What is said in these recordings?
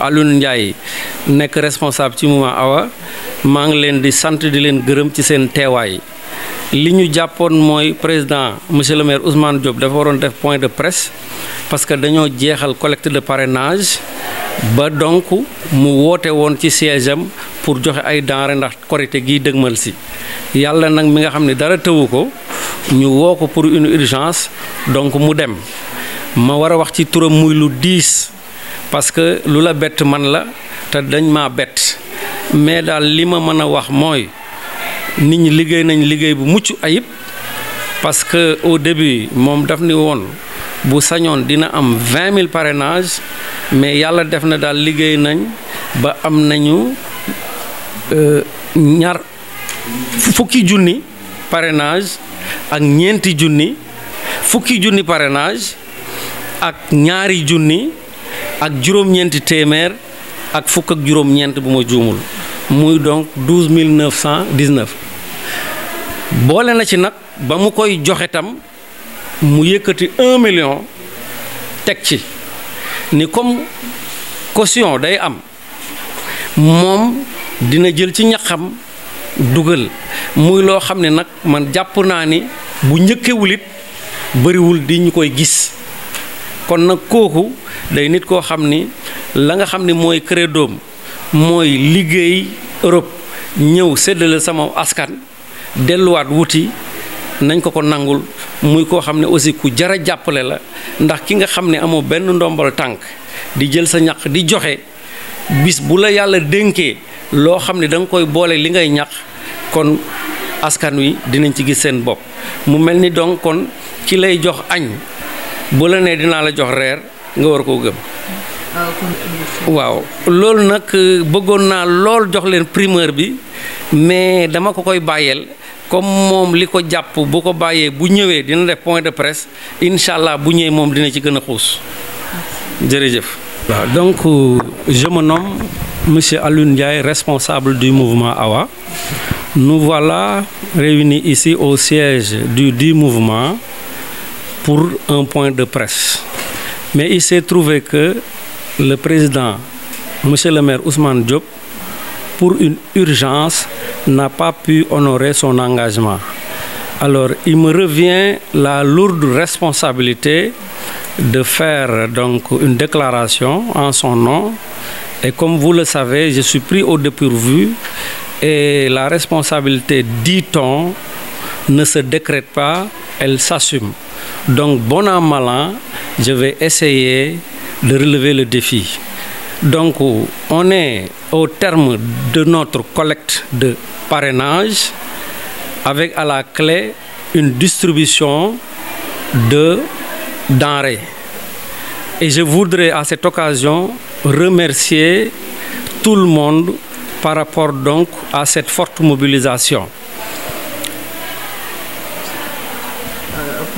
Alioune Ndiaye nekk responsable ci Mouma Awa maa ngi leen di sant di leen gërëm ci seen teewaay li ñu jàppoon mooy président monsieur le maire Ousmane Diop dafa waroon def point de presse parce que dañoo jeexal collecte de parrainage ba donc mu woote woon ci siège pour joxe ay denrées ndax korite gi dëgmal si yàlla nag mi nga xam ne dara tëwu ko ñu woo ko pour une urgence donc mu dem ma war a wax ci turam muy lu diis parce que lu la bett man la te dañ ma bett mais daal li ma mën a wax mooy nit ñi liggéey nañ liggéey bu mucc ayib parce que au début moom daf ni woon bu sañoon dina am vingt mille parrainages mais yàlla def na daal liggéey nañ ba am nañu euh, ñaar fukki junni parrainage ak ñeenti junni fukki junni parenage ak ñaari junni ak juróom-ñeenti téeméer ak fukk ak juróom-ñeent bu ma juumul muy donc douze mille neuf cent dix boole na ci nag ba mu koy joxe tam mu yëkkati un million teg ci ni comme caution day am moom dina jël ci ñaxam dugal muy loo xam ne nag man jàpp naa ni bu njëkkewulit bëriwul di ñu koy gis kon nag kooku day nit koo xam ni la nga xam ni mooy doom mooy liggéey Europe ñëw séddale sama askan delluwaat wuti nañ ko ko nangul muy koo xam ne aussi ku jara jàppale la ndax ki nga xam ne amoo benn ndombal tànk di jël sa ñaq di joxe bis bu la yàlla dénkee loo xam ne danga koy boole li ngay ñaq kon askan wi dinañ ci gis seen bopp mu mel ni donc kon ki lay jox añ bu la nee dinaa la jox reer nga war koo gëm. Ah, waaw loolu nag euh, bëggoon naa lool jox leen primeur bi mais dama ko koy bàyyeel comme moom li ko jàpp bu ko bàyyee bu ñëwee dina def point de presse incha allah bu ñëwee moom dina ci gën a xuus jërëjëf. waaw donc euh, je monsieur Alioune Ndiaye responsable du mouvement AWA nous voilà réunis ici au siège du du mouvement pour un point de presse. Mais il s'est trouvé que le président, M. le maire Ousmane Diop, pour une urgence, n'a pas pu honorer son engagement. Alors, il me revient la lourde responsabilité de faire donc une déclaration en son nom. Et comme vous le savez, je suis pris au dépourvu et la responsabilité, dit-on, ne se décrète pas, elle s'assume. Donc, bon an, mal je vais essayer de relever le défi. Donc, on est au terme de notre collecte de parrainage avec à la clé une distribution de denrées. Et je voudrais à cette occasion remercier tout le monde par rapport donc à cette forte mobilisation.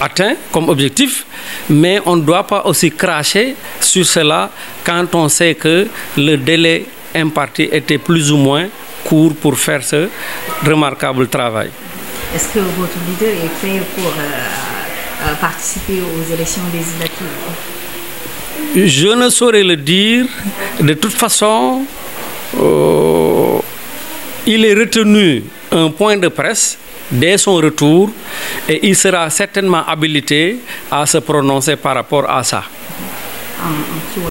atteint comme objectif, mais on ne doit aussi cracher sur cela quand on sait que le délai imparti était plus ou moins court pour faire ce remarquable travail. Est-ce que euh, euh, Je ne saurais le dire. De toute façon, euh, il est retenu un point de presse dès son retour et il sera certainement habilité à se prononcer par rapport à ça. Ah, ah,